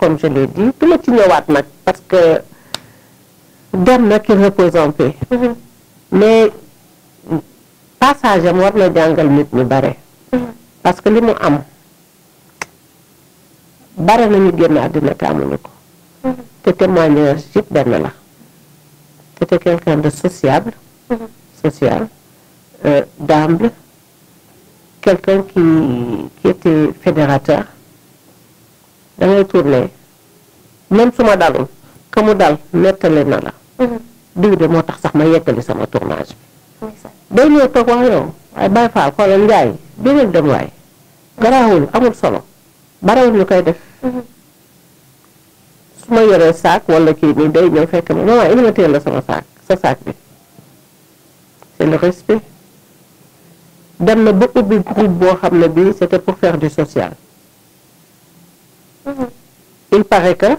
comme je l'ai dit tout le ci ñëwaat parce que dem là qui repose en paix mhm. mais passage am war na jàngal nit ñu bare mhm. parce que li mu am bare nañu génn àddina te amuñu ko mhm. te témoignage yëpp benn la c'était quelqu'un de sociable social euh, d'humble quelqu'un qui qui était fédérateur da ngay tourner même su ma dalul ka mu dal nettali na la. Mm-hmm. diw moo tax sax ma yeggali sama tournage bi. day ñëw toog wax yow ay Baye Fall xoolal Ndiaye jógal dem waay. Mm-hmm. garaawul amul solo barewul ñu koy def. Mm-hmm. su ma yoree saak wala kii nii day ñëw fekk ma maman indi ma teel la sama saak sa saak bi c'est le respect. dem na ba ubbi groupe boo xam ne bii c'était pour faire du social. il paraît que.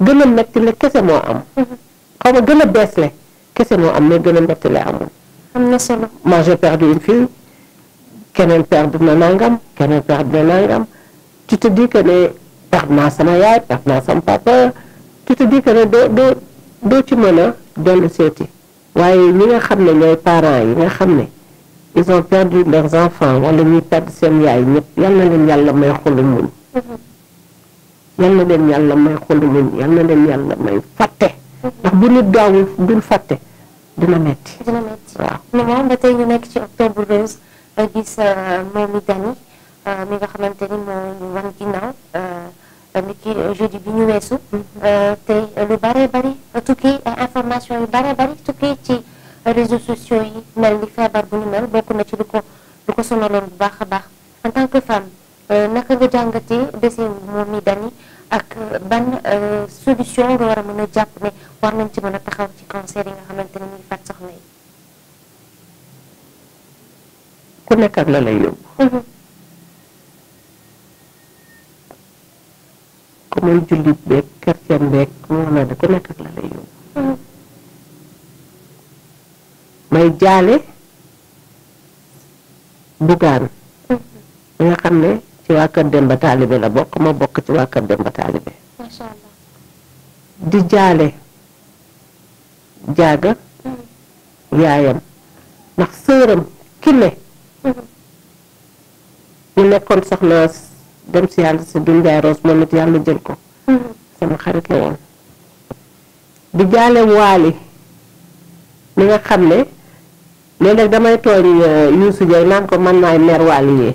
gënal metti le kese moo am xaw ma gën a bees le kese moo am mais gën a metti le amul am na solo moi j'ai perdu une fille keneen perdre na nangam keneen perdre na nangam tu te dis que ne perdre naa sama yaay perdre naa sama papa tu te dis que ne doo doo doo ci mën a dellu seeti waaye ñi nga xam ne ñooy parents yi nga xam ne ils ont perdu leurs enfants wala ñuy perdre seen yaay ñëpp yal na leen yàlla may xolu muñ Le na leen may xol yalla yalla may gaawul dul dina metti dina metti waaw ñu ci octobre rose gis euh, euh, mi nga xamante ni moo ñu wan ginnaaw euh, ni ki jeudi bi ñu weesu mm-hmm. tey lu bari information réseaux sociaux yi mel ni feebar bu ci ko en tant que femme naka nga ak ban euh, solution nga war a mën a jàpp ne war nañ ci mën a taxaw ci cancer yi ne ñuy faj soxna yi. ku nekk la lay yóbbu. Mm-hmm. ku muy jullit beeg chrétien beeg moom la de ku nekk la lay yóbbu. Mm-hmm. may jaale bugaan. Mm-hmm. nga xam ne. ci waa kër Demba Taalibe la bokk ma bokk ci waa kër Demba Taalibe macha di jaale jaaga mm. yaayam ndax sëram kile mm-hmm. ñu nekkoon soxna dem si yàlla si dun jaay Rose moom it yàlla jël ko mm-hmm. sama xarit la woon di jaale waali mi nga xam ne léeg damay tooñ euh, Youssou Diagne naan ko mën naay mer waali yee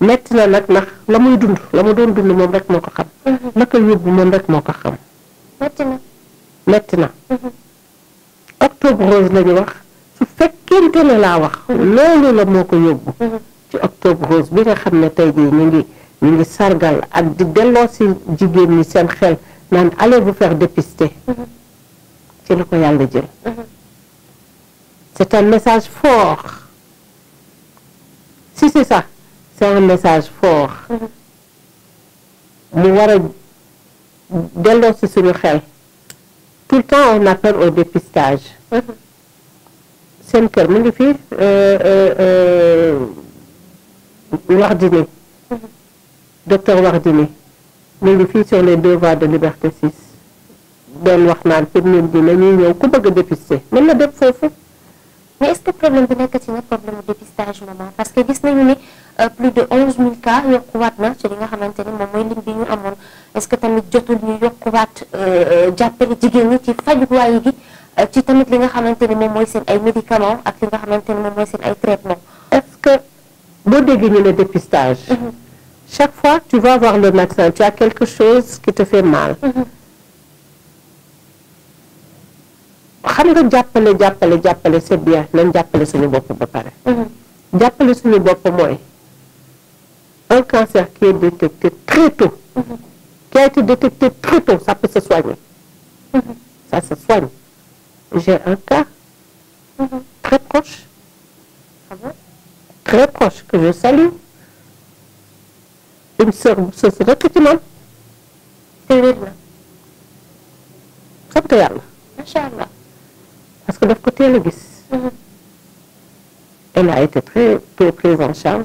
metti na nag ndax la muy dund la mu doon dund moom rek moo ko xam. la mhm. ko yóbbu moom rek moo ko xam. metti na metti na. Mhm. octobre rose lañu wax su fekkente ne laa wax. Mhm. loolu la moo ko yóbbu. ci octobre rose bi nga xam ne tey jii ñu ngi ñu ngi sargal ak di delloo si jigéen ñi seen xel naan allez vous faire dépister. ci la ko yàlla jël. c'est un message fort si c'est ça un message fort mm-hmm. tout le temps on appelle au dépistage C'est mm-hmm. euh, euh, euh, mm-hmm. docteur Wardini mais sur les deux voies de Liberté 6 Ben wax mais est-ce que problème la problème dépistage maman parce que nous nañu yokkuwaat na ci li nga xamante ni moom mooy lim bi ñu amoon est-ce que tamit jotul ñu yokkuwaat euh, jàppale jigéen ñi ci fajuwaay gi euh, ci tamit li nga xamante ni moom mooy seen ay médicaments ak li nga xamante ni moom mooy seen ay traitements. est-ce que boo déggee ñu ne dépistage. Mm-hmm. chaque fois tu vas voir le médecin tu as quelque chose qui te fait mal. Mm-hmm. xam nga jàppale jàppale jàppale c'est bien nañ jàppale suñu bopp ba pare. Mm-hmm. jàppale suñu bopp mooy un cancer qui est détecté très tôt, mm-hmm. qui a été détecté très tôt, ça peut se soigner. Mm-hmm. Ça se soigne. J'ai un cas mm-hmm. très proche, ah très proche, que je salue. Une sœur, c'est recutinante. xam C'est parce que daf côté, le elle a été très prise en charge.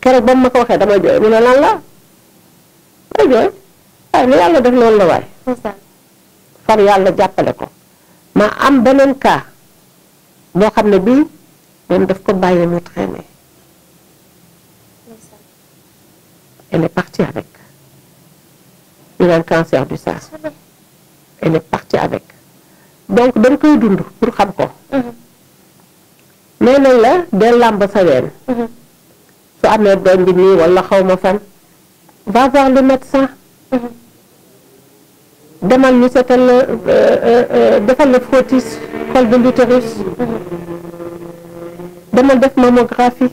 keroog ba mu ma ko waxee dama jooy mu ne lan la ma jooy waaye lu yàlla def noonu la waay far yàlla jàppale ko ma am beneen cas boo xam ne bii moom daf ko bàyyi mu traîner elle est partie avec il a donc dañ koy dund pour xam ko mm-hmm. nee la del làmb sa ween mm-hmm. amee doom bi nii wala xaw ma va voir le médecin demal ñu seetal la euh, euh, euh, defal la frottis col de l'utérus demal def mammographie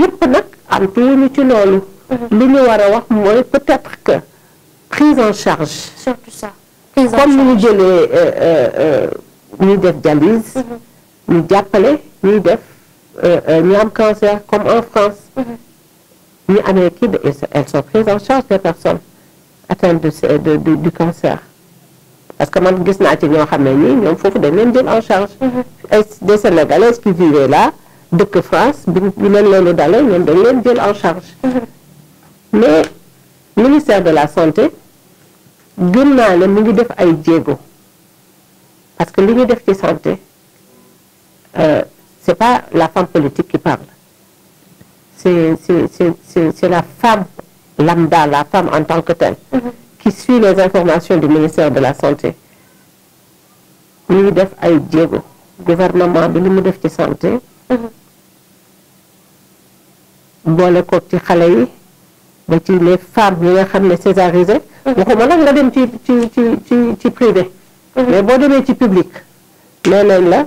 yëpp nag am tuuti ci loolu li ñu war a wax mooy peut-être que prise en charge surtout ça comme ni ñu jëlee ñuy def dialyse mhm. ñu jàppale ñuy def ñu euh, euh, cancer comme en France Les mhm. Américains, elles sont prises en charge des personnes atteintes de, de, du cancer parce que comme on naa ci ñoo xam ne nii ñoom en charge mhm. des Sénégalais qui vivaient là de France ils sont leen en charge mhm. mais le ministère de la santé y a des gens qui sont en charge. parce que le ministère de la santé euh, n'est pas la femme politique qui parle. C'est la femme lambda, la femme en tant que telle, mhm. qui suit les informations du ministère de la Santé. Nous gouvernement de la Santé, mhm. bon les les femmes mais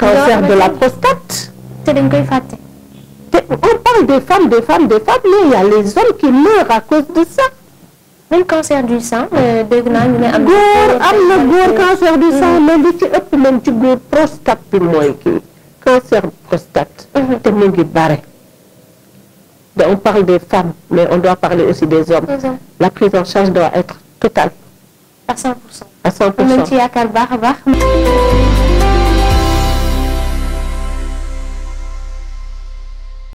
cancer de la prostate. on parle des femmes des femmes des femmes mais il y a les hommes qui meurent à cause de ça. même cancer du sang euh, dégg naa ñu am. cancer du sang mm. mais même prostate moi cancer prostate. Mm-hmm. te on parle des femmes, mais on doit parler aussi des hommes. La prise en charge doit être totale. À 100%. À 100%.